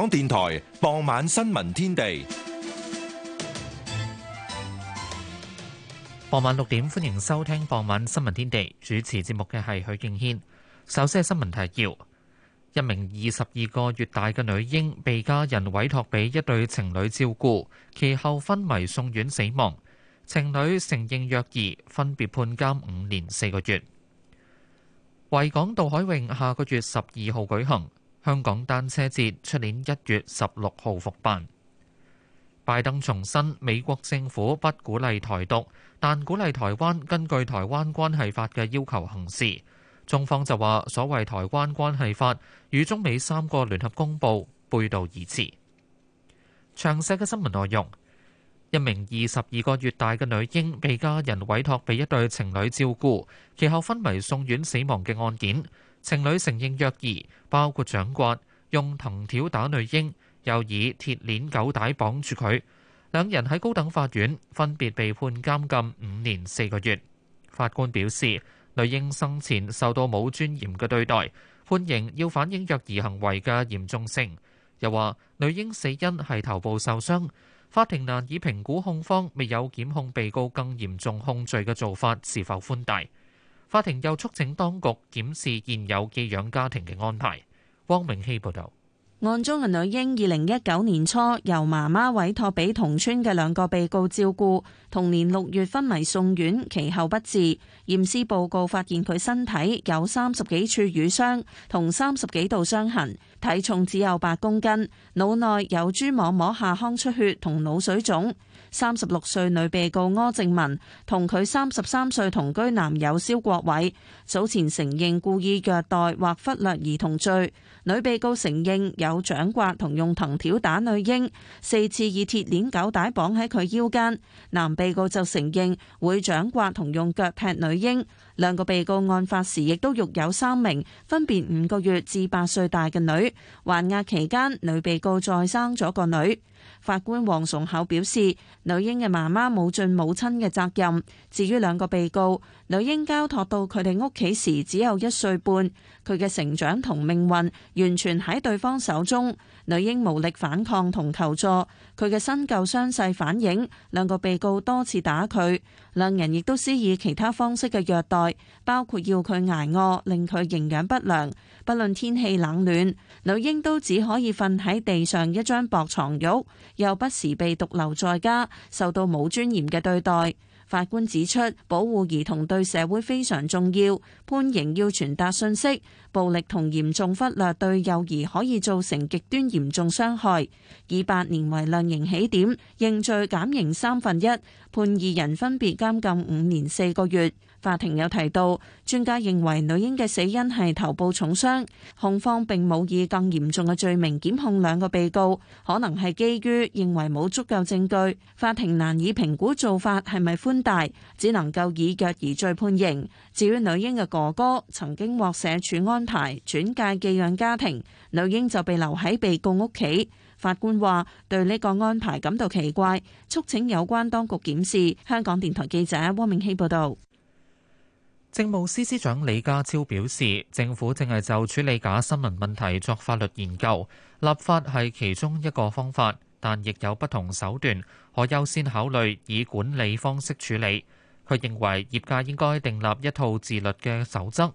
港電台傍晚新聞天地，傍晚六點歡迎收聽傍晚新聞天地。主持節目嘅係許敬軒。首先係新聞提要：一名二十二個月大嘅女嬰被家人委託俾一對情侶照顧，其後昏迷送院死亡。情侶承認虐兒，分別判監五年四個月。維港渡海泳下個月十二號舉行。香港單車節出年一月十六號復辦。拜登重申美國政府不鼓勵台獨，但鼓勵台灣根據台灣關係法嘅要求行事。中方就話所謂台灣關係法與中美三個聯合公報背道而馳。詳細嘅新聞內容，一名二十二個月大嘅女嬰被家人委託俾一對情侶照顧，其後昏迷送院死亡嘅案件。情侶承認虐兒，包括掌摑、用藤條打女嬰，又以鐵鏈、狗帶綁住佢。兩人喺高等法院分別被判監禁五年四個月。法官表示，女嬰生前受到冇尊嚴嘅對待，判刑要反映虐兒行為嘅嚴重性。又話女嬰死因係頭部受傷。法庭難以評估控方未有檢控被告更嚴重控罪嘅做法是否寬大。法庭又促請當局檢視現有寄養家庭嘅安排。汪明希報道，案中嘅女嬰二零一九年初由媽媽委託俾同村嘅兩個被告照顧，同年六月昏迷送院，其後不治。驗屍報告發現佢身體有三十幾處瘀傷同三十幾度傷痕，體重只有八公斤，腦內有蛛網膜下腔出血同腦水腫。三十六歲女被告柯正文同佢三十三歲同居男友蕭國偉早前承認故意虐待或忽略兒童罪。女被告承認有掌摑同用藤條打女嬰，四次以鐵鏈、狗帶綁喺佢腰間。男被告就承認會掌摑同用腳踢女嬰。兩個被告案發時亦都育有三名，分別五個月至八歲大嘅女。還押期間，女被告再生咗個女。法官黃崇厚表示，女嬰嘅媽媽冇盡母親嘅責任。至於兩個被告，女嬰交託到佢哋屋企時只有一歲半，佢嘅成長同命運完全喺對方手中。女嬰無力反抗同求助，佢嘅新舊傷勢反映兩個被告多次打佢，兩人亦都施以其他方式嘅虐待，包括要佢捱餓，令佢營養不良。不論天氣冷暖，女嬰都只可以瞓喺地上一張薄床褥，又不時被獨留在家，受到冇尊嚴嘅對待。法官指出，保護兒童對社會非常重要。判刑要傳達信息，暴力同嚴重忽略對幼兒可以造成極端嚴重傷害。以八年為量刑起點，認罪減刑三分一，判二人分別監禁五年四個月。法庭有提到，專家認為女嬰嘅死因係頭部重傷。控方並冇以更嚴重嘅罪名檢控兩個被告，可能係基於認為冇足夠證據。法庭難以評估做法係咪寬大，只能夠以虐兒罪判刑。至於女嬰嘅哥哥曾經獲社署安排轉介寄養家庭，女嬰就被留喺被告屋企。法官話對呢個安排感到奇怪，促請有關當局檢視。香港電台記者汪銘希報道。政務司司長李家超表示，政府正係就處理假新聞問題作法律研究，立法係其中一個方法，但亦有不同手段可優先考慮以管理方式處理。佢認為業界應該訂立一套自律嘅守則。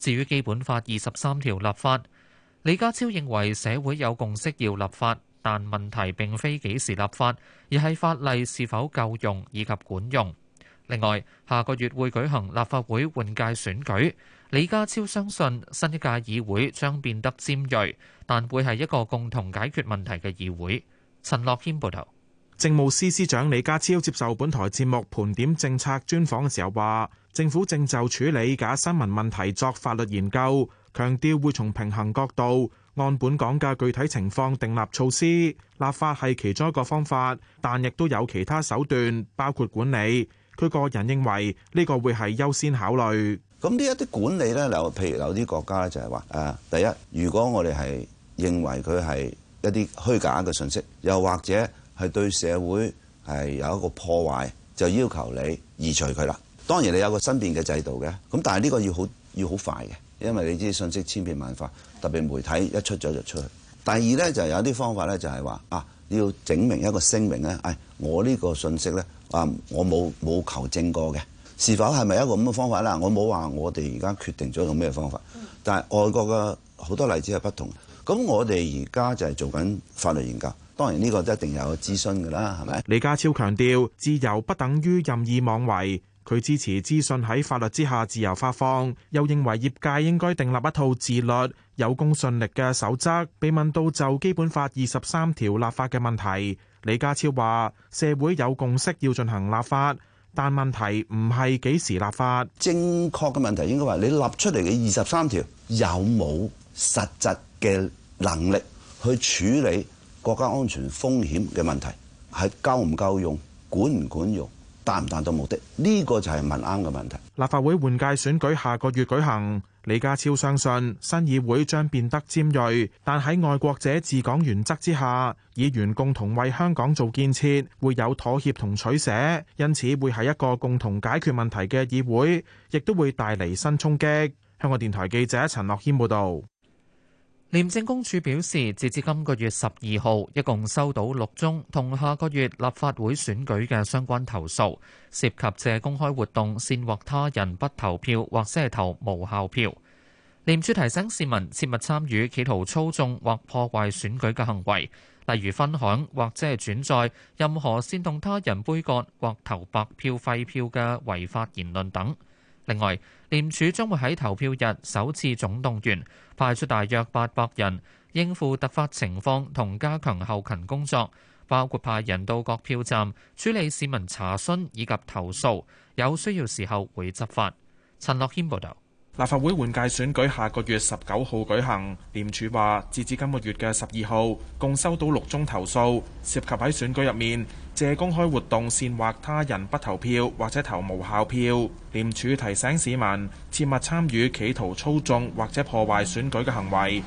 至於《基本法》二十三條立法，李家超認為社會有共識要立法，但問題並非幾時立法，而係法例是否夠用以及管用。另外，下個月會舉行立法會換屆選舉。李家超相信新一屆議會將變得尖銳，但會係一個共同解決問題嘅議會。陳樂謙報道，政務司司長李家超接受本台節目盤點政策專訪嘅時候話，政府正就處理假新聞問題作法律研究，強調會從平衡角度按本港嘅具體情況訂立措施。立法係其中一個方法，但亦都有其他手段，包括管理。佢個人認為呢個會係優先考慮。咁呢一啲管理呢，有譬如有啲國家呢，就係話：誒、啊，第一，如果我哋係認為佢係一啲虛假嘅信息，又或者係對社會係有一個破壞，就要求你移除佢啦。當然你有個新變嘅制度嘅，咁但係呢個要好要好快嘅，因為你知信息千變萬化，特別媒體一出咗就出去。第二呢，就係有啲方法呢，就係話：啊，要整明一個聲明呢：哎「誒，我呢個信息呢。」啊！我冇冇求證過嘅，是否係咪一個咁嘅方法啦？我冇話我哋而家決定咗用咩方法，但係外國嘅好多例子係不同。咁我哋而家就係做緊法律研究，當然呢個都一定有個諮詢㗎啦，係咪？李家超強調，自由不等於任意妄為，佢支持資訊喺法律之下自由發放，又認為業界應該訂立一套自律、有公信力嘅守則。被問到就《基本法》二十三條立法嘅問題。李家超話：社會有共識要進行立法，但問題唔係幾時立法。正確嘅問題應該話，你立出嚟嘅二十三條有冇實質嘅能力去處理國家安全風險嘅問題？係夠唔夠用？管唔管用？達唔達到目的？呢個就係問啱嘅問題。立法會換屆選舉下個月舉行。李家超相信新議會將變得尖銳，但喺愛國者治港原則之下，議員共同為香港做建設會有妥協同取捨，因此會係一個共同解決問題嘅議會，亦都會帶嚟新衝擊，香港電台記者陳樂謙報道。廉政公署表示，截至今個月十二號，一共收到六宗同下個月立法會選舉嘅相關投訴，涉及借公開活動煽惑他人不投票，或者係投無效票。廉署提醒市民切勿參與企圖操縱或破壞選舉嘅行為，例如分享或者係轉載任何煽動他人杯葛或投白票、廢票嘅違法言論等。另外，廉署將會喺投票日首次總動員，派出大約八百人應付突發情況同加強後勤工作，包括派人到各票站處理市民查詢以及投訴，有需要時候會執法。陳樂謙報道。立法會換屆選舉下個月十九號舉行，廉署話，截至今個月嘅十二號，共收到六宗投訴，涉及喺選舉入面借公開活動煽惑他人不投票或者投無效票。廉署提醒市民，切勿參與企圖操縱或者破壞選舉嘅行為，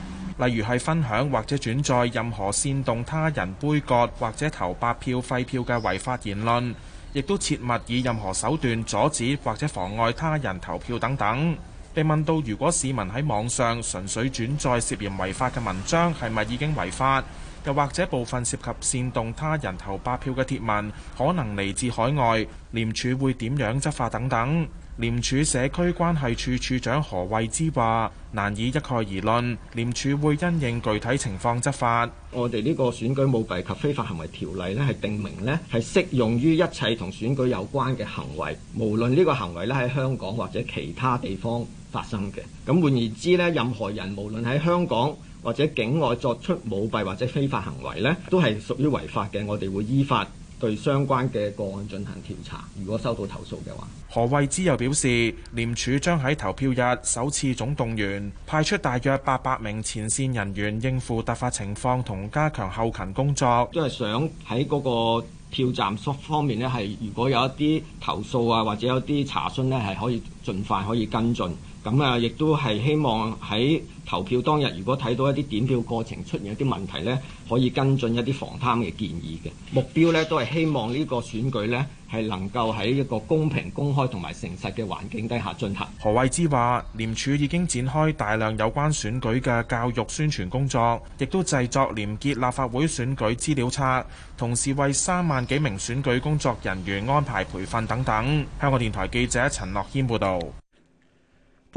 例如係分享或者轉載任何煽動他人杯葛或者投白票廢票嘅違法言論，亦都切勿以任何手段阻止或者妨礙他人投票等等。被問到，如果市民喺網上純粹轉載涉嫌違法嘅文章，係咪已經違法？又或者部分涉及煽動他人投白票嘅帖文，可能嚟自海外，廉署會點樣執法等等？廉署社區關係處處長何惠之話：難以一概而論，廉署會因應具體情況執法。我哋呢個選舉舞弊及非法行為條例咧，係定明咧，係適用於一切同選舉有關嘅行為，無論呢個行為咧喺香港或者其他地方發生嘅。咁換言之咧，任何人無論喺香港或者境外作出舞弊或者非法行為咧，都係屬於違法嘅，我哋會依法，對相關嘅個案進行調查，如果收到投訴嘅話。何慧之又表示，廉署將喺投票日首次總動員，派出大約八百名前線人員應付突發情況同加強後勤工作。都係想喺嗰個票站方面呢，係如果有一啲投訴啊，或者有啲查詢呢，係可以盡快可以跟進。咁啊，亦都係希望喺投票當日，如果睇到一啲點票過程出現一啲問題咧，可以跟進一啲防貪嘅建議嘅目標咧，都係希望呢個選舉咧係能夠喺一個公平、公開同埋誠實嘅環境底下進行。何慧芝話廉署已經展開大量有關選舉嘅教育宣傳工作，亦都製作廉潔立法會選舉資料冊，同時為三萬幾名選舉工作人員安排培訓等等。香港電台記者陳樂謙報道。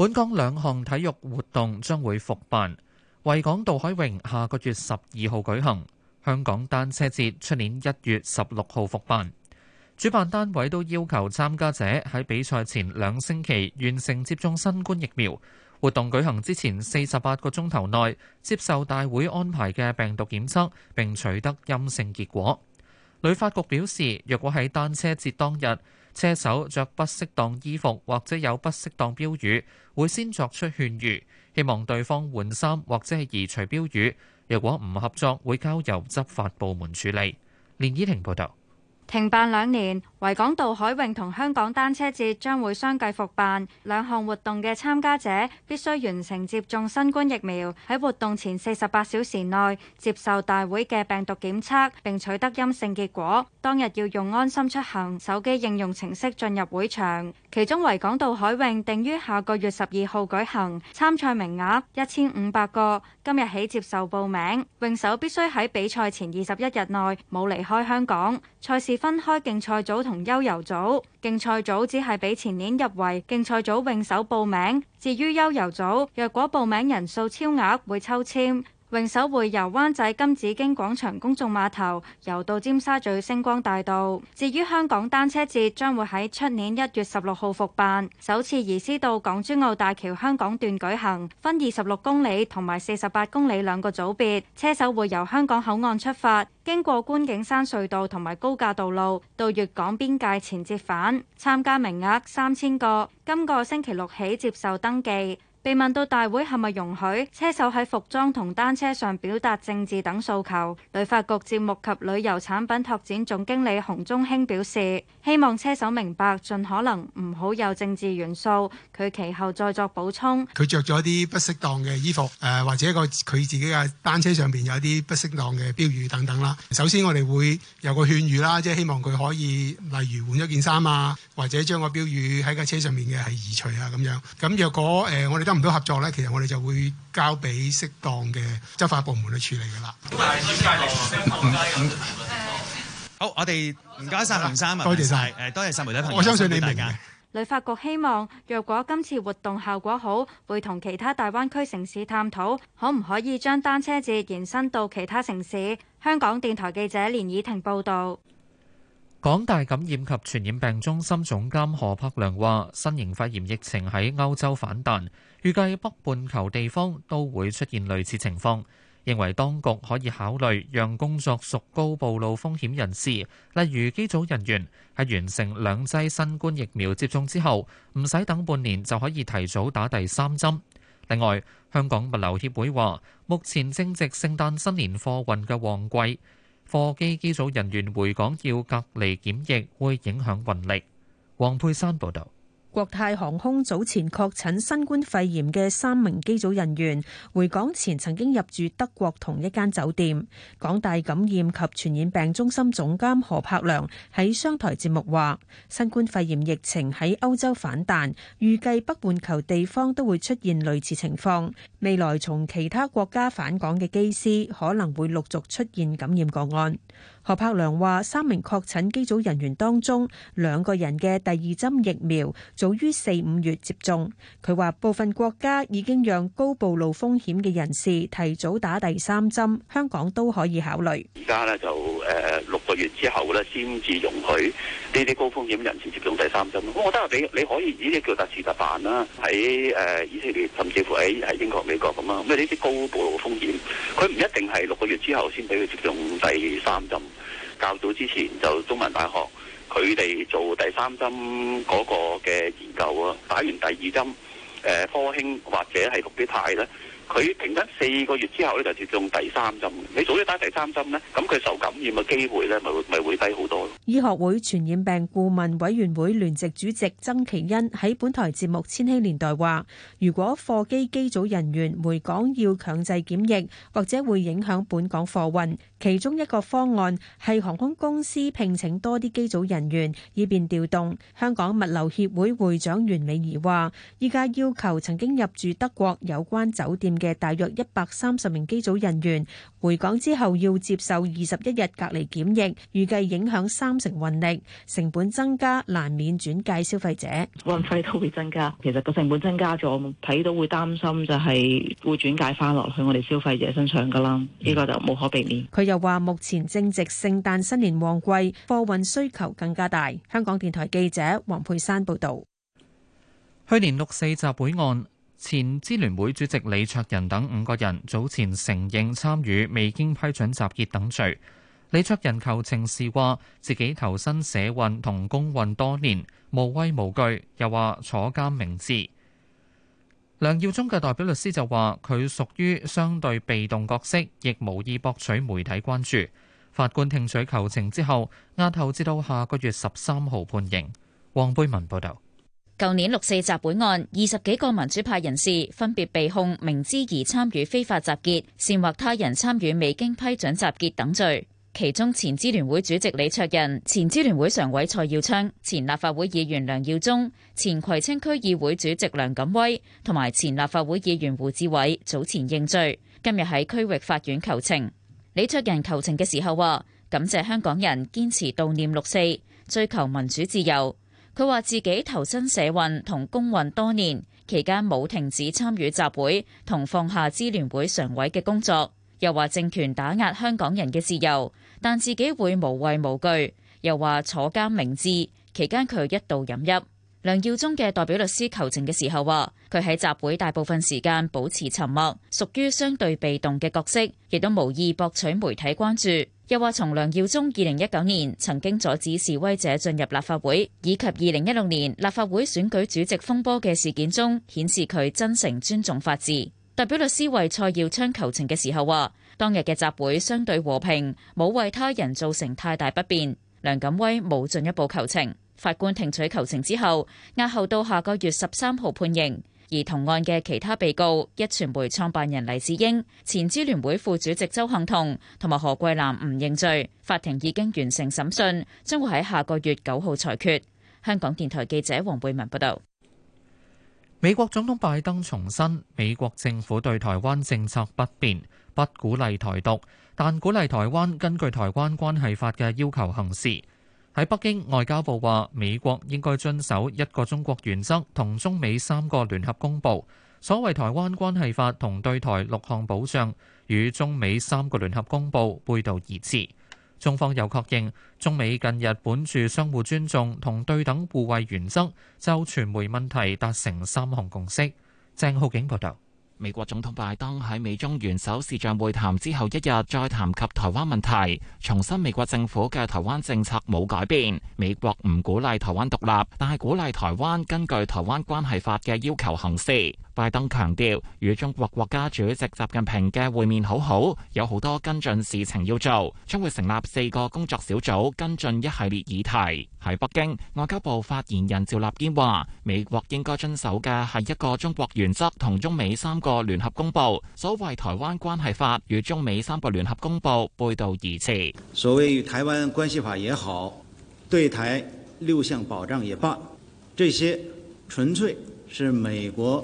本港兩項體育活動將會復辦，維港渡海泳下個月十二號舉行，香港單車節出年一月十六號復辦。主辦單位都要求參加者喺比賽前兩星期完成接種新冠疫苗，活動舉行之前四十八個鐘頭內接受大會安排嘅病毒檢測並取得陰性結果。旅發局表示，若果喺單車節當日車手着不適當衣服或者有不適當標語，會先作出勸喻，希望對方換衫或者係移除標語。若果唔合作，會交由執法部門處理。連依婷報道。停辦兩年。維港渡海泳同香港單車節將會相繼復辦，兩項活動嘅參加者必須完成接種新冠疫苗，喺活動前四十八小時內接受大會嘅病毒檢測，並取得陰性結果。當日要用安心出行手機應用程式進入會場。其中維港渡海泳定於下個月十二號舉行，參賽名額一千五百個，今日起接受報名。泳手必須喺比賽前二十一日內冇離開香港。賽事分開競賽組同悠遊組。競賽組只係畀前年入圍競賽組泳手報名，至於悠遊組，若果報名人數超額，會抽籤。泳手會由灣仔金紫荊廣場公眾碼頭游到尖沙咀星光大道。至於香港單車節將會喺出年一月十六號復辦，首次移師到港珠澳大橋香港段舉行，分二十六公里同埋四十八公里兩個組別。車手會由香港口岸出發，經過觀景山隧道同埋高架道路，到粵港邊界前折返。參加名額三千個，今個星期六起接受登記。被問到大會係咪容許車手喺服裝同單車上表達政治等訴求，旅發局節目及旅遊產品拓展總經理洪中興表示：希望車手明白，盡可能唔好有政治元素。佢其後再作補充：佢着咗啲不適當嘅衣服，誒、呃、或者個佢自己嘅單車上邊有啲不適當嘅標語等等啦。首先我哋會有個勸喻啦，即、就、係、是、希望佢可以，例如換咗件衫啊，或者將個標語喺架車上面嘅係移除啊咁樣。咁若果誒、呃、我哋唔到合作咧，其實我哋就會交俾適當嘅執法部門去處理㗎喇。好，我哋唔該曬林生啊，多謝曬誒，多謝曬媒體朋友，我相信你明㗎。旅發局希望，若果今次活動效果好，會同其他大灣區城市探討，可唔可以將單車節延伸到其他城市。香港電台記者連以婷報導。港大感染及傳染病中心總監何柏良話，新型肺炎疫情喺歐洲反彈，預計北半球地方都會出現類似情況，認為當局可以考慮讓工作屬高暴露風險人士，例如機組人員喺完成兩劑新冠疫苗接種之後，唔使等半年就可以提早打第三針，另外，香港物流協會話目前正值聖誕新年貨運嘅旺季。貨機機組人員回港要隔離檢疫，會影響運力。黃佩珊報導。國泰航空早前確診新冠肺炎嘅三名機組人員回港前曾經入住德國同一間酒店。港大感染及傳染病中心總監何柏良喺商台節目話，新冠肺炎疫情喺歐洲反彈，預計北半球地方都會出現類似情況。未來從其他國家返港嘅機師可能會陸續出現感染個案。何柏良話：三名確診機組人員當中，兩個人嘅第二針疫苗早於四五月接種。佢話部分國家已經讓高暴露風險嘅人士提早打第三針，香港都可以考慮。而家呢就誒六個月之後呢先至容許呢啲高風險人士接種第三針。咁我覺得你你可以呢啲叫特事特辦啦，喺誒以色列甚至乎喺英國、美國咁啦，咁啊呢啲高暴露風險，佢唔一定係六個月之後先俾佢接種第三針。較早之前就中文大學，佢哋做第三針嗰個嘅研究啊，打完第二針，誒、呃、科興或者係復必泰咧。佢停咗四個月之後，呢就接種第三針，你早啲打第三針呢，咁佢受感染嘅機會呢咪咪會低好多咯。醫學會傳染病顧問委員會聯席主席曾祈殷喺本台節目《千禧年代》話，如果貨機機組人員回港要強制檢疫，或者會影響本港貨運，其中一個方案係航空公司聘請多啲機組人員，以便調動。香港物流協會會長袁美儀話依家要求曾經入住德國有關酒店，嘅大約一百三十名機組人員回港之後要接受二十一日隔離檢疫，預計影響三成運力，成本增加難免轉介消費者，運費都會增加。其實個成本增加咗，睇到會擔心就係會轉介翻落去我哋消費者身上噶啦，呢、這個就無可避免。佢、嗯、又話目前正值聖誕新年旺季，貨運需求更加大。香港電台記者黃佩珊報道。去年六四集會案。前支聯會主席李卓人等五個人早前承認參與未經批准集結等罪。李卓人求情時話：自己投身社運同工運多年，無畏無懼，又話坐監明知。梁耀忠嘅代表律師就話：佢屬於相對被動角色，亦無意博取媒體關注。法官聽取求情之後，押後至到下個月十三號判刑。黃貝文報導。舊年六四集會案，二十幾個民主派人士分別被控明知而參與非法集結、煽惑他人參與未經批准集結等罪。其中前支聯會主席李卓人、前支聯會常委蔡耀昌、前立法會議員梁耀忠、前葵青區議會主席梁錦威同埋前立法會議員胡志偉早前認罪，今日喺區域法院求情。李卓人求情嘅時候話：感謝香港人堅持悼念六四，追求民主自由。佢話自己投身社運同工運多年，期間冇停止參與集會同放下支聯會常委嘅工作。又話政權打壓香港人嘅自由，但自己會無畏無懼。又話坐監明智，期間佢一度飲泣。梁耀忠嘅代表律師求情嘅時候話，佢喺集會大部分時間保持沉默，屬於相對被動嘅角色，亦都無意博取媒體關注。又話，從梁耀忠二零一九年曾經阻止示威者進入立法會，以及二零一六年立法會選舉主席風波嘅事件中，顯示佢真誠尊重法治。代表律師為蔡耀昌求情嘅時候話，當日嘅集會相對和平，冇為他人造成太大不便。梁錦威冇進一步求情。法官聽取求情之後，押後到下個月十三號判刑。而同案嘅其他被告，一傳媒創辦人黎智英、前支聯會副主席周幸彤，同埋何桂藍唔認罪。法庭已經完成審訊，將會喺下個月九號裁決。香港電台記者黃貝文報道。美國總統拜登重申，美國政府對台灣政策不變，不鼓勵台獨，但鼓勵台灣根據《台灣關係法》嘅要求行事。喺北京，外交部話美國應該遵守一個中國原則同中美三個聯合公布，所謂台灣關係法同對台六項保障，與中美三個聯合公布背道而馳。中方又確認中美近日本住相互尊重同對等互惠原則就傳媒問題達成三項共識，鄭浩景報道。美國總統拜登喺美中元首視像會談之後一日再談及台灣問題，重申美國政府嘅台灣政策冇改變，美國唔鼓勵台灣獨立，但係鼓勵台灣根據台灣關係法嘅要求行事。拜登強調與中國國家主席習近平嘅會面好好，有好多跟進事情要做，將會成立四個工作小組跟進一系列議題。喺北京，外交部發言人趙立堅話：美國應該遵守嘅係一個中國原則同中美三個聯合公報，所謂《台灣關係法》與中美三個聯合公報背道而馳。所謂《與台灣關係法》也好，對台六項保障也罷，這些純粹是美國。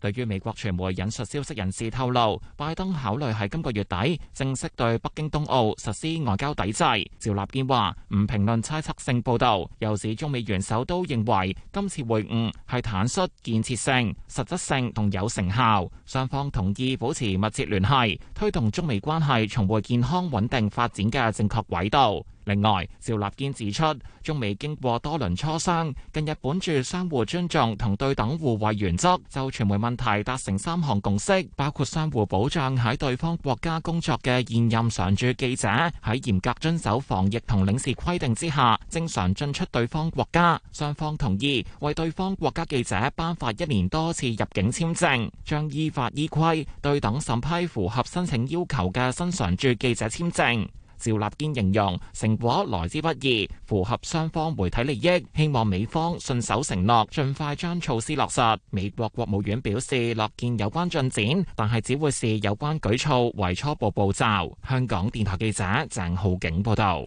對於美國傳媒引述消息人士透露，拜登考慮喺今個月底正式對北京冬奧實施外交抵制。趙立堅話：唔評論猜測性報導，又指中美元首都認為今次會晤係坦率、建設性、實質性同有成效，雙方同意保持密切聯繫，推動中美關係重回健康穩定發展嘅正確軌道。另外，趙立堅指出，中美經過多輪磋商，近日本著相互尊重同對等互惠原則，就傳媒問題達成三項共識，包括相互保障喺對方國家工作嘅現任常駐記者喺嚴格遵守防疫同領事規定之下，正常進出對方國家。雙方同意為對方國家記者頒發一年多次入境簽證，將依法依規對等審批符合申請要求嘅新常駐記者簽證。趙立堅形容成果來之不易，符合雙方媒體利益，希望美方信守承諾，盡快將措施落實。美國國務院表示，樂見有關進展，但係只會視有關舉措為初步步驟。香港電台記者鄭浩景報道，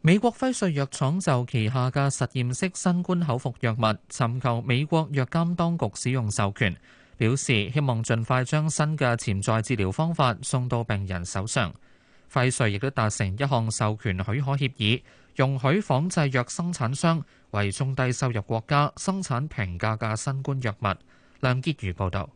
美國輝瑞藥廠就旗下嘅實驗室新冠口服藥物尋求美國藥監當局使用授權，表示希望盡快將新嘅潛在治療方法送到病人手上。輝瑞亦都達成一項授權許可協議，容許仿製藥生產商為中低收入國家生產平價嘅新冠藥物。梁潔如報導。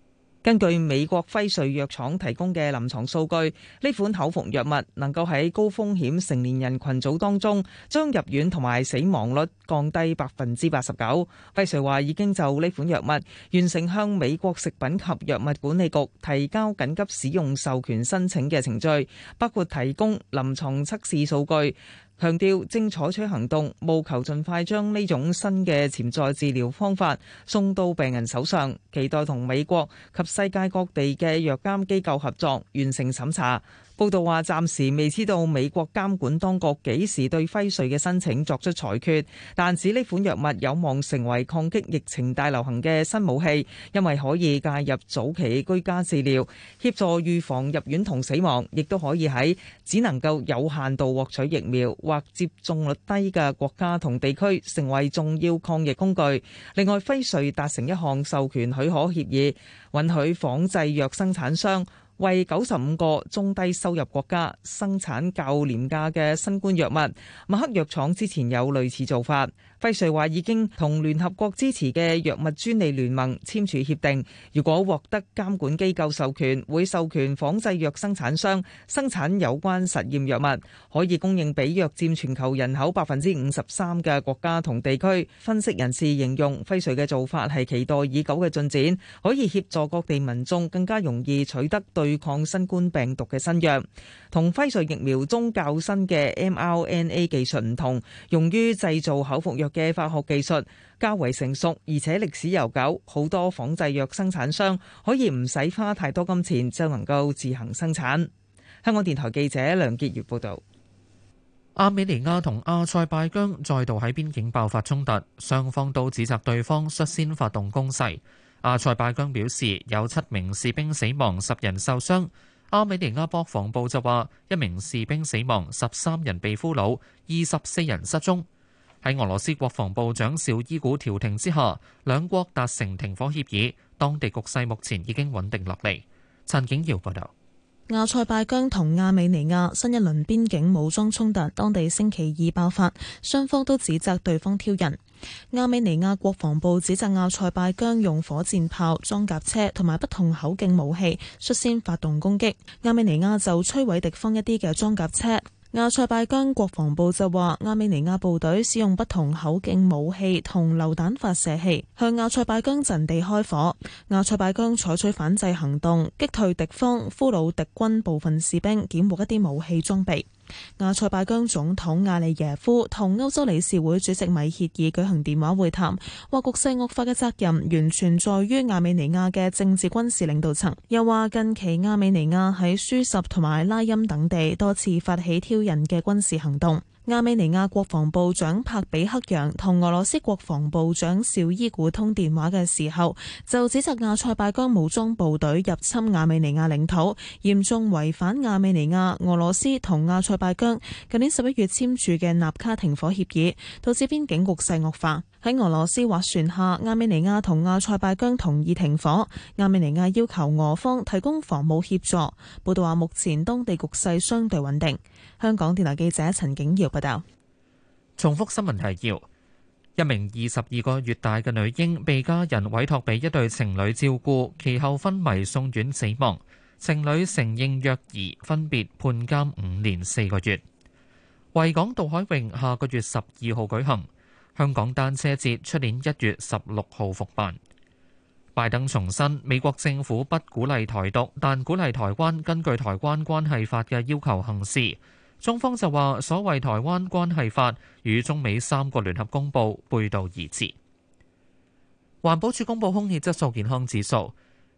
根據美國輝瑞藥廠提供嘅臨床數據，呢款口服藥物能夠喺高風險成年人群組當中，將入院同埋死亡率降低百分之八十九。輝瑞話已經就呢款藥物完成向美國食品及藥物管理局提交緊急使用授權申請嘅程序，包括提供臨床測試數據。強調正採取行動，務求盡快將呢種新嘅潛在治療方法送到病人手上，期待同美國及世界各地嘅藥監機構合作，完成審查。報道話，暫時未知道美國監管當局幾時對輝瑞嘅申請作出裁決，但指呢款藥物有望成為抗擊疫情大流行嘅新武器，因為可以介入早期居家治療，協助預防入院同死亡，亦都可以喺只能夠有限度獲取疫苗或接種率低嘅國家同地區成為重要抗疫工具。另外，輝瑞達成一項授權許可協議，允許仿製藥生產商。為九十五個中低收入國家生產較廉價嘅新冠藥物，默克藥廠之前有類似做法。輝瑞話已經同聯合國支持嘅藥物專利聯盟簽署協定，如果獲得監管機構授權，會授權仿製藥生產商生產有關實驗藥物，可以供應俾約佔全球人口百分之五十三嘅國家同地區。分析人士形容輝瑞嘅做法係期待已久嘅進展，可以協助各地民眾更加容易取得對對抗新冠病毒嘅新藥，同輝瑞疫苗中較新嘅 mRNA 技術唔同，用於製造口服藥嘅化學技術較為成熟，而且歷史悠久，好多仿製藥生產商可以唔使花太多金錢就能夠自行生產。香港電台記者梁潔如報道。阿美尼亞同阿塞拜疆再度喺邊境爆發衝突，雙方都指責對方率先發動攻勢。阿塞拜疆表示有七名士兵死亡，十人受傷，阿美尼亞國防部就話一名士兵死亡，十三人被俘虜、二十四人失蹤。喺俄羅斯國防部長紹伊古調停之下，兩國達成停火協議，當地局勢目前已經穩定落嚟。陳景堯報道。阿塞拜疆同阿美尼亞新一輪邊境武裝衝突，當地星期二爆發，雙方都指責對方挑釁。亞美尼亞國防部指責亞塞拜疆用火箭炮、裝甲車同埋不同口徑武器率先發動攻擊，亞美尼亞就摧毀敵方一啲嘅裝甲車。亞塞拜疆國防部就話亞美尼亞部隊使用不同口徑武器同榴彈發射器向亞塞拜疆陣地開火，亞塞拜疆採取反制行動，擊退敵方，俘虜敵軍部分士兵，檢獲一啲武器裝備。亞塞拜疆總統阿利耶夫同歐洲理事會主席米歇爾舉行電話會談，話局勢惡化嘅責任完全在於亞美尼亞嘅政治軍事領導層，又話近期亞美尼亞喺舒什同埋拉欽等地多次發起挑釁嘅軍事行動。亞美尼亞國防部長帕比克揚同俄羅斯國防部長紹伊古通電話嘅時候，就指責亞塞拜疆武裝部隊入侵亞美尼亞領土，嚴重違反亞美尼亞、俄羅斯同亞塞拜疆舊年十一月簽署嘅納卡停火協議，導致邊境局勢惡化。喺俄羅斯斡旋下，亞美尼亞同亞塞拜疆同意停火，亞美尼亞要求俄方提供防務協助。報道話，目前當地局勢相對穩定。香港電台記者陳景瑤報道：重複新聞提要，一名二十二個月大嘅女嬰被家人委託俾一對情侶照顧，其後昏迷送院死亡。情侶承認虐兒，分別判監五年四個月。維港渡海泳下個月十二號舉行，香港單車節出年一月十六號復辦。拜登重申，美國政府不鼓勵台獨，但鼓勵台灣根據《台灣關係法》嘅要求行事。中方就話：所謂台灣關係法與中美三個聯合公佈背道而馳。環保署公布空氣質素健康指數，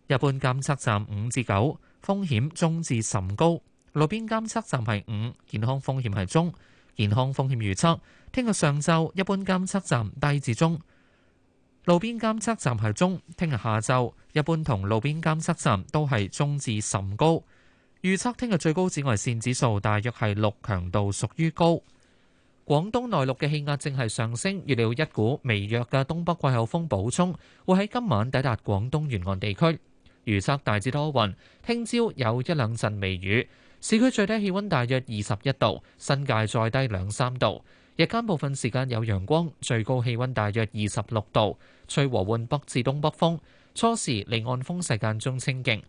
一般監測站五至九，風險中至甚高；路邊監測站係五，健康風險係中。健康風險預測：聽日上晝一般監測站低至中，路邊監測站係中；聽日下晝一般同路邊監測站都係中至甚高。預測聽日最高紫外線指數大約係六，強度屬於高。廣東內陸嘅氣壓正係上升，預料一股微弱嘅東北季候風補充會喺今晚抵達廣東沿岸地區。預測大致多雲，聽朝有一兩陣微雨。市區最低氣溫大約二十一度，新界再低兩三度。日間部分時間有陽光，最高氣溫大約二十六度，吹和緩北至東北風，初時離岸風勢間中清勁。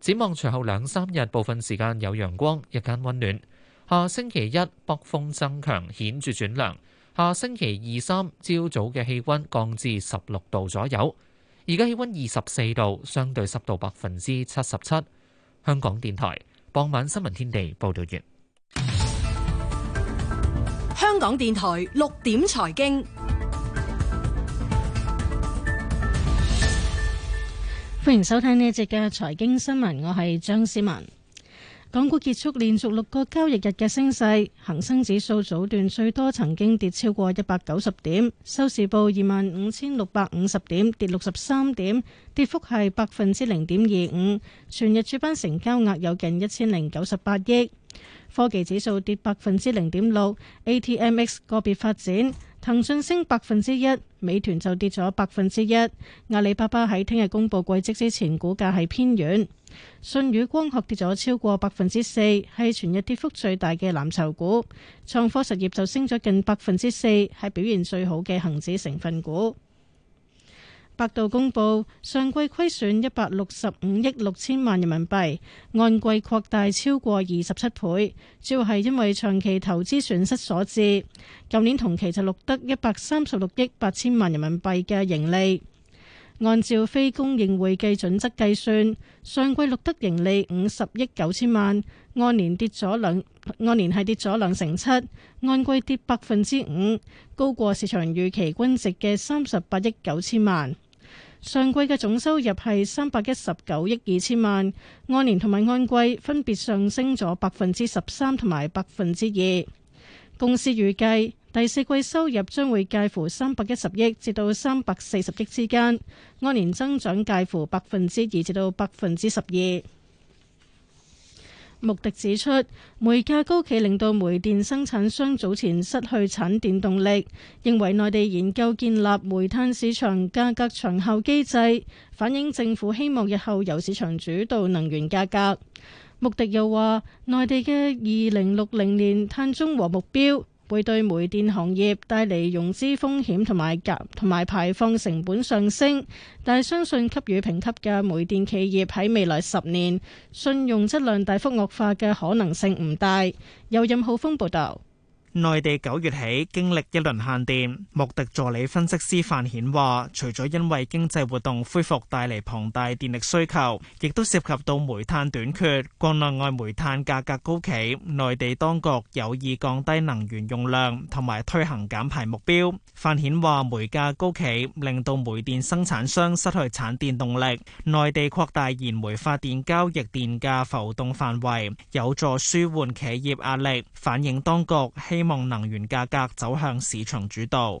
展望隨後兩三日，部分時間有陽光，日間溫暖。下星期一北風增強，顯著轉涼。下星期二三朝早嘅氣溫降至十六度左右。而家氣溫二十四度，相對濕度百分之七十七。香港電台傍晚新聞天地報道完。香港電台六點財經。歡迎收聽呢一節嘅財經新聞，我係張思文。港股結束連續六個交易日嘅升勢，恒生指數早段最多曾經跌超過一百九十點，收市報二萬五千六百五十點，跌六十三點，跌幅係百分之零點二五。全日主板成交額有近一千零九十八億。科技指數跌百分之零點六，ATMX 個別發展。騰訊升百分之一，美團就跌咗百分之一。阿里巴巴喺聽日公布季績之前，股價係偏軟，信宇光學跌咗超過百分之四，係全日跌幅最大嘅藍籌股。創科實業就升咗近百分之四，係表現最好嘅恒指成分股。百度公布上季虧損一百六十五億六千萬人民幣，按季擴大超過二十七倍，主要係因為長期投資損失所致。舊年同期就錄得一百三十六億八千萬人民幣嘅盈利。按照非公認會計準則計算，上季錄得盈利五十億九千萬，按年跌咗兩，按年係跌咗兩成七，按季跌百分之五，高過市場預期均值嘅三十八億九千萬。上季嘅總收入係三百一十九億二千萬，按年同埋按季分別上升咗百分之十三同埋百分之二。公司預計第四季收入將會介乎三百一十億至到三百四十億之間，按年增長介乎百分之二至到百分之十二。穆迪指出，煤價高企令到煤電生產商早前失去產電動力，認為內地研究建立煤炭市場價格長效機制，反映政府希望日後由市場主導能源價格。穆迪又話，內地嘅二零六零年碳中和目標，會對煤電行業帶嚟融資風險同埋夾同埋排放成本上升，但相信給予評級嘅煤電企業喺未來十年信用質量大幅惡化嘅可能性唔大。由任浩峰報道。內地九月起經歷一輪限電，穆迪助理分析師范顯話，除咗因為經濟活動恢復帶嚟龐大電力需求，亦都涉及到煤炭短缺、國內外煤炭價格高企，內地當局有意降低能源用量同埋推行減排目標。范顯話，煤價高企令到煤電生產商失去產電動力，內地擴大燃煤發電交易電價浮動範圍，有助舒緩企業壓力，反映當局希望能源價格走向市場主導。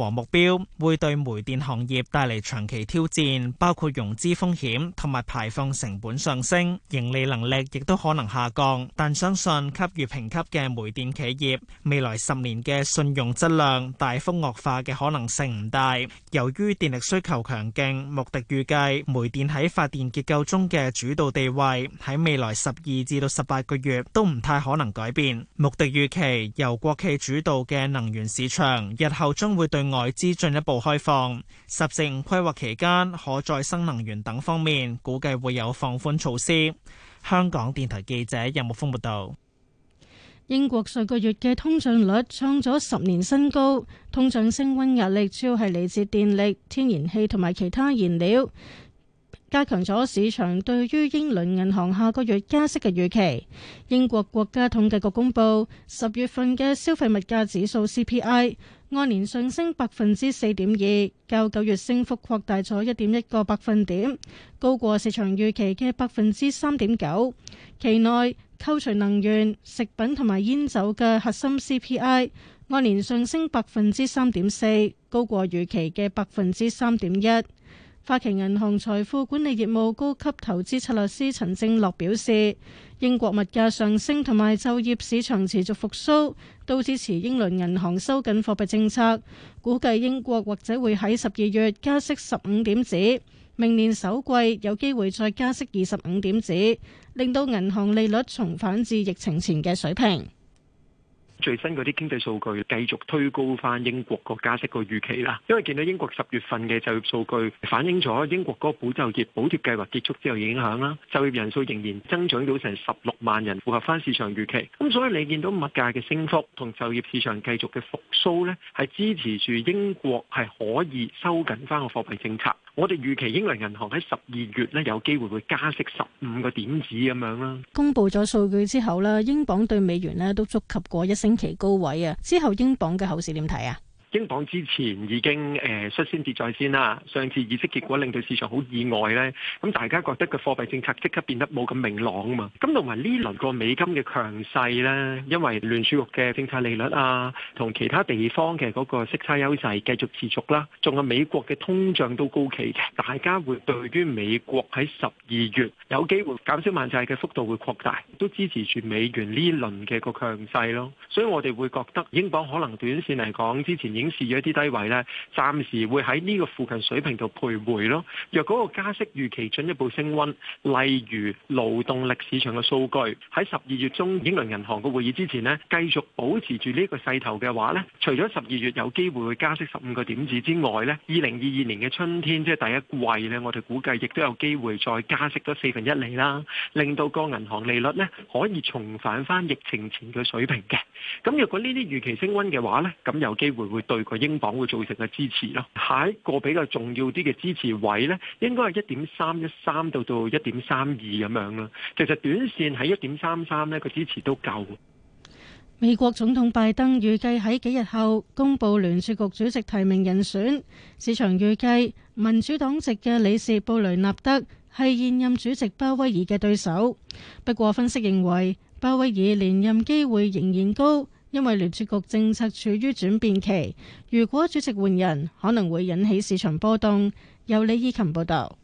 和目標會對煤電行業帶嚟長期挑戰，包括融資風險同埋排放成本上升，盈利能力亦都可能下降。但相信給予評級嘅煤電企業，未來十年嘅信用質量大幅惡化嘅可能性唔大。由於電力需求強勁，穆迪預計煤電喺發電結構中嘅主導地位喺未來十二至到十八個月都唔太可能改變。穆迪預期由國企主導嘅能源市場，日後將會對外資進一步開放，十四五規劃期間可再生能源等方面估計會有放寬措施。香港電台記者任木峰報道。英國上個月嘅通脹率創咗十年新高，通脹升温壓力主要係嚟自電力、天然氣同埋其他燃料，加強咗市場對於英倫銀行下個月加息嘅預期。英國國家統計局公布十月份嘅消費物價指數 CPI。按年上升百分之四點二，較九月升幅擴大咗一點一個百分點，高過市場預期嘅百分之三點九。期內扣除能源、食品同埋煙酒嘅核心 CPI，按年上升百分之三點四，高過預期嘅百分之三點一。花旗銀行財富管理業務高級投資策略師陳正樂表示，英國物價上升同埋就業市場持續復甦，都支持英倫銀行收緊貨幣政策，估計英國或者會喺十二月加息十五點子，明年首季有機會再加息二十五點子，令到銀行利率重返至疫情前嘅水平。最新嗰啲經濟數據繼續推高翻英國個加息個預期啦，因為見到英國十月份嘅就業數據反映咗英國嗰個保就業補貼計劃結束之後影響啦，就業人數仍然增長到成十六萬人，符合翻市場預期。咁所以你見到物價嘅升幅同就業市場繼續嘅復甦咧，係支持住英國係可以收緊翻個貨幣政策。我哋預期英倫銀行喺十二月咧有機會會加息十五個點子咁樣啦。公布咗數據之後咧，英鎊對美元咧都觸及過一升期高位啊，之後英鎊嘅後市點睇啊？英鎊之前已經誒率先跌在先啦，上次議息結果令到市場好意外咧，咁大家覺得個貨幣政策即刻變得冇咁明朗啊嘛，咁同埋呢輪個美金嘅強勢咧，因為聯儲局嘅政策利率啊，同其他地方嘅嗰個息差優勢繼續持續啦，仲有美國嘅通脹都高企嘅，大家會對於美國喺十二月有機會減少萬債嘅幅度會擴大，都支持住美元呢輪嘅個強勢咯，所以我哋會覺得英鎊可能短線嚟講之前警示咗一啲低位呢，暫時會喺呢個附近水平度徘徊咯。若果個加息預期進一步升温，例如勞動力市場嘅數據喺十二月中英倫銀行嘅會議之前呢，繼續保持住呢個勢頭嘅話呢，除咗十二月有機會會加息十五個點子之外呢，二零二二年嘅春天即係第一季呢，我哋估計亦都有機會再加息咗四分一厘啦，令到個銀行利率呢可以重返翻疫情前嘅水平嘅。咁若果呢啲預期升温嘅話呢，咁有機會會。對佢英鎊會造成嘅支持咯，下一個比較重要啲嘅支持位咧，應該係一點三一三到，到一點三二咁樣啦。其實短線喺一點三三咧，個支持都夠。美國總統拜登預計喺幾日後公布聯儲局主席提名人選，市場預計民主黨籍嘅理事布雷納德係現任主席鮑威爾嘅對手。不過分析認為，鮑威爾連任機會仍然高。因為聯儲局政策處於轉變期，如果主席換人，可能會引起市場波動。由李依琴報導。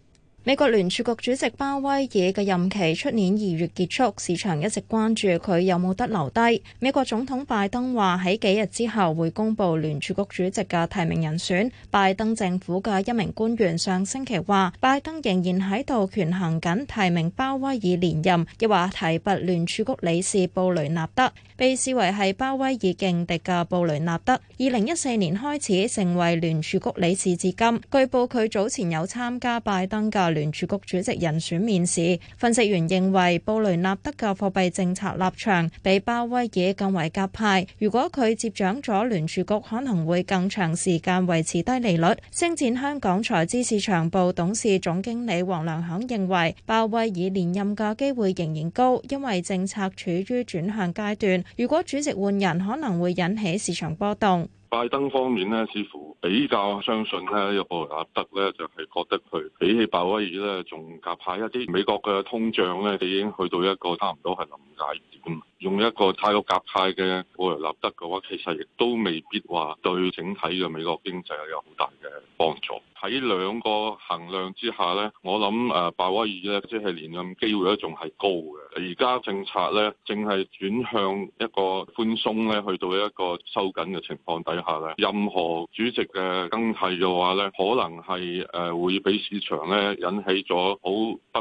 美國聯儲局主席鮑威爾嘅任期出年二月結束，市場一直關注佢有冇得留低。美國總統拜登話喺幾日之後會公布聯儲局主席嘅提名人選。拜登政府嘅一名官員上星期話，拜登仍然喺度權衡緊提名鮑威爾連任，亦話提拔聯儲局理事布雷納德。被視為係鮑威爾勁敵嘅布雷納德，二零一四年開始成為聯儲局理事至今。據報佢早前有參加拜登嘅。聯儲局主席人選面試，分析員認為布雷納德嘅貨幣政策立場比鮑威爾更為鴿派。如果佢接掌咗聯儲局，可能會更長時間維持低利率。升展香港財資市場部董事總經理黃良響認為，鮑威爾連任嘅機會仍然高，因為政策處於轉向階段。如果主席換人，可能會引起市場波動。拜登方面呢，似乎比較相信咧，布雷納德呢，就係、是、覺得佢比起鮑威爾呢，仲夾派一啲，美國嘅通脹呢，已經去到一個差唔多係臨界點。用一個太過夾派嘅布雷納德嘅話，其實亦都未必話對整體嘅美國經濟有好大嘅幫助。喺兩個衡量之下呢，我諗誒鮑威爾呢，即、就、係、是、連任機會都仲係高嘅。而家政策呢，正係轉向一個寬鬆呢去到一個收緊嘅情況底。任何主席嘅更替嘅話呢，可能係誒會俾市場呢引起咗好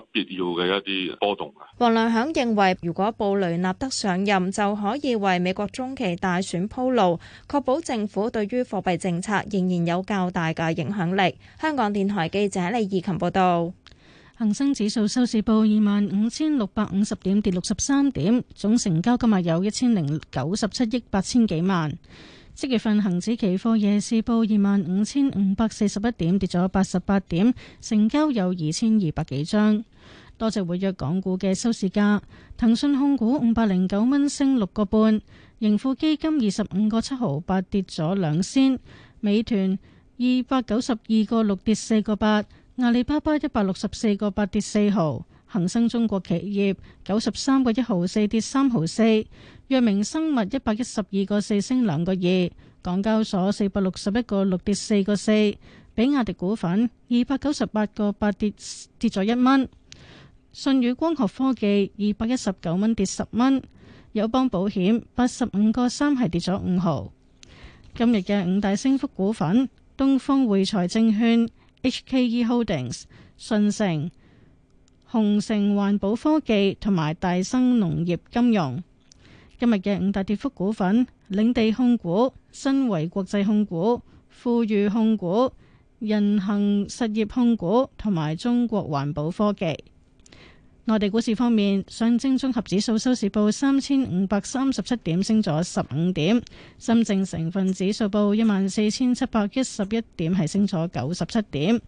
不必要嘅一啲波動。黃亮響認為，如果布雷納德上任，就可以為美國中期大選鋪路，確保政府對於貨幣政策仍然有較大嘅影響力。香港電台記者李義琴報道，恒生指數收市報二萬五千六百五十點，跌六十三點，總成交今日有一千零九十七億八千幾萬。即月份恒指期貨夜市報二萬五千五百四十一點，跌咗八十八點，成交有二千二百幾張。多隻活躍港股嘅收市價：騰訊控股五百零九蚊升六個半，盈富基金二十五個七毫八跌咗兩仙，美團二百九十二個六跌四個八，阿里巴巴一百六十四個八跌四毫。恒生中國企業九十三個一毫四跌三毫四，藥明生物一百一十二個四升兩個二，港交所四百六十一個六跌四個四，比亞迪股份二百九十八個八跌跌咗一蚊，信宇光學科技二百一十九蚊跌十蚊，友邦保險八十五個三係跌咗五毫。今日嘅五大升幅股份：東方匯財證券 （HKE Holdings）、信誠。同盛環保科技同埋大生農業金融，今日嘅五大跌幅股份：領地控股、新維國際控股、富裕控股、人恒實業控股同埋中國環保科技。內地股市方面，上證綜合指數收市報三千五百三十七點，升咗十五點；深證成分指數報一萬四千七百一十一點，係升咗九十七點。.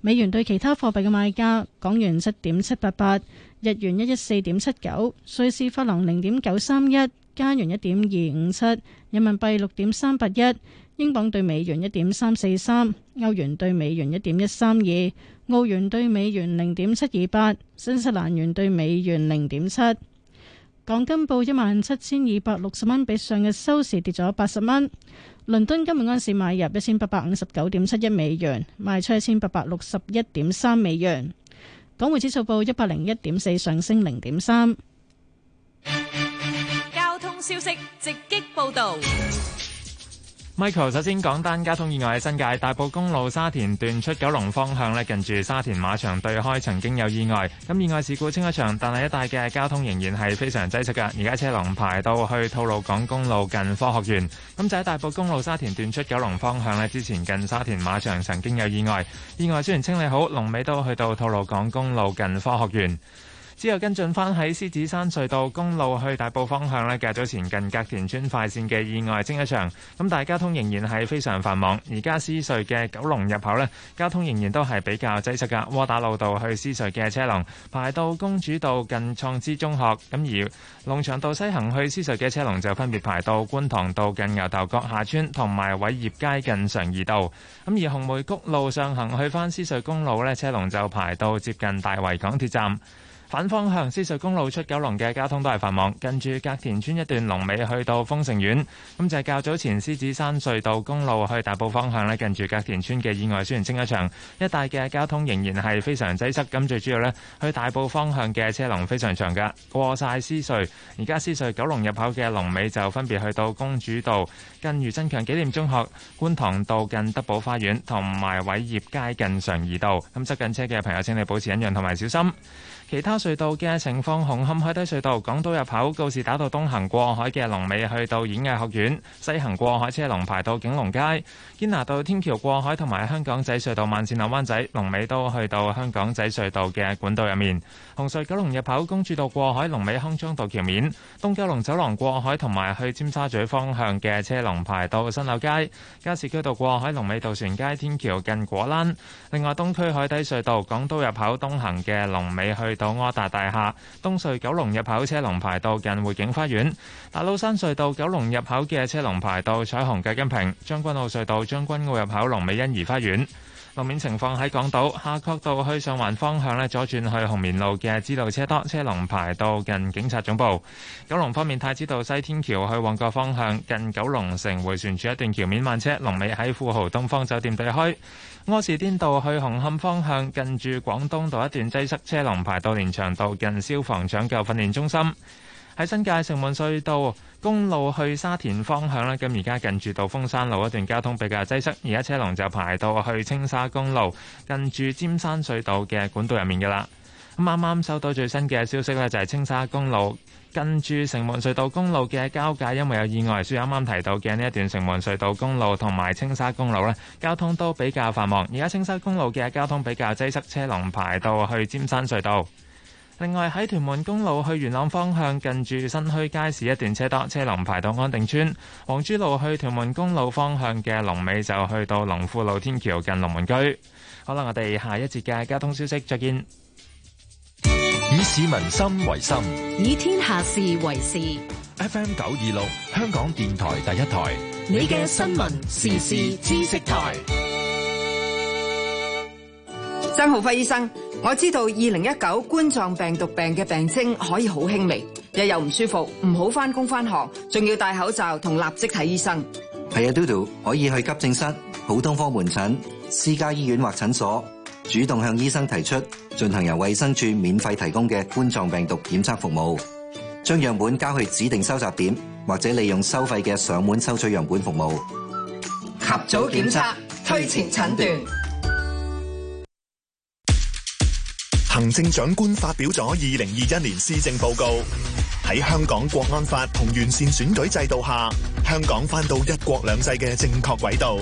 美元對其他貨幣嘅賣價：港元七點七八八，日元一一四點七九，瑞士法郎零點九三一，加元一點二五七，人民幣六點三八一，英鎊對美元一點三四三，歐元對美元一點一三二，澳元對美元零點七二八，新西蘭元對美元零點七。港金報一萬七千二百六十蚊，比上日收市跌咗八十蚊。倫敦金今日晏市買入一千八百五十九點七一美元，賣出一千八百六十一點三美元。港匯指數報一百零一點四，上升零點三。交通消息直擊報道。Michael 首先講單交通意外喺新界大埔公路沙田段出九龍方向咧，近住沙田馬場對開曾經有意外。咁意外事故清一場，但係一帶嘅交通仍然係非常擠塞嘅。而家車龍排到去吐露港公路近科學園。咁就喺大埔公路沙田段出九龍方向咧，之前近沙田馬場曾經有意外。意外雖然清理好，龍尾都去到吐露港公路近科學園。之後跟進返喺獅子山隧道公路去大埔方向呢，駕早前近隔田村快線嘅意外爭一場。咁但係交通仍然係非常繁忙。而家獅隧嘅九龍入口呢，交通仍然都係比較擠塞噶。窩打老道去獅隧嘅車龍排到公主道近創知中學。咁而龍翔道西行去獅隧嘅車龍就分別排到觀塘道近牛頭角下村同埋偉業街近常怡道。咁而紅梅谷路上行去翻獅隧公路呢，車龍就排到接近大圍港鐵站。反方向，獅隧公路出九龍嘅交通都係繁忙。近住隔田村一段龍尾去到豐盛苑咁就係、是、較早前獅子山隧道公路去大埔方向咧，近住隔田村嘅意外雖然清一場，一帶嘅交通仍然係非常擠塞。咁最主要呢，去大埔方向嘅車龍非常長噶。過晒獅隧，而家獅隧九龍入口嘅龍尾就分別去到公主道近余振強紀念中學、觀塘道近德寶花園同埋偉業街近常怡道。咁塞緊車嘅朋友，請你保持忍讓同埋小心。其他隧道嘅情況，紅磡海底隧道、港島入口、告士打道東行過海嘅龍尾去到演藝學院；西行過海車龍排到景隆街、堅拿道天橋過海同埋香港仔隧道慢線落灣仔龍尾都去到香港仔隧道嘅管道入面。紅隧九龍入口、公主道過海龍尾康莊道橋面、東九龍走廊過海同埋去尖沙咀方向嘅車龍排到新樓街、加士居道過海龍尾渡船街天橋近果欄。另外，東區海底隧道港島入口東行嘅龍尾去到到柯達大廈，東隧九龍入口車龍排到近匯景花園，大老山隧道九龍入口嘅車龍排到彩虹嘅金屏，將軍澳隧道將軍澳入口龍尾欣怡花園。路面情況喺港島，夏慤道去上環方向咧，左轉去紅棉路嘅支路車多，車龍排到近警察總部。九龍方面，太子道西天橋去旺角方向近九龍城回旋處一段橋面慢車，龍尾喺富豪東方酒店對開。柯士甸道去紅磡方向，近住廣東道一段擠塞，車龍排到連翔道近消防搶救訓練中心。喺新界城門隧道公路去沙田方向咧，咁而家近住道風山路一段交通比較擠塞，而家車龍就排到去青沙公路近住尖山隧道嘅管道入面噶啦。啱啱收到最新嘅消息咧，就係青沙公路。跟住城門隧道公路嘅交界，因為有意外，所以啱啱提到嘅呢一段城門隧道公路同埋青沙公路咧，交通都比較繁忙。而家青沙公路嘅交通比較擠塞，車龍排到去尖山隧道。另外喺屯門公路去元朗方向，近住新墟街市一段車多，車龍排到安定村。黃珠路去屯門公路方向嘅龍尾就去到龍富路天橋近龍門居。好啦，我哋下一節嘅交通消息，再見。以市民心為心，以天下事為事。FM 九二六，香港電台第一台。你嘅新聞時事知識台。曾浩輝醫生，我知道二零一九冠狀病毒病嘅病徵可以好輕微，日又唔舒服，唔好返工返學，仲要戴口罩同立即睇醫生。係啊，Dodo 可以去急症室、普通科門診、私家醫院或診所。主動向醫生提出進行由衛生署免費提供嘅冠狀病毒檢測服務，將樣本交去指定收集點，或者利用收費嘅上門收取樣本服務。及早檢測，推前診斷。行政長官發表咗二零二一年施政報告，喺香港國安法同完善選舉制度下，香港返到一國兩制嘅正確軌道。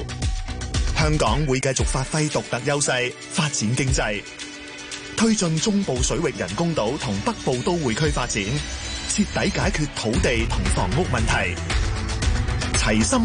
香港會繼續發揮獨特優勢，發展經濟，推進中部水域人工島同北部都會區發展，徹底解決土地同房屋問題，齊心。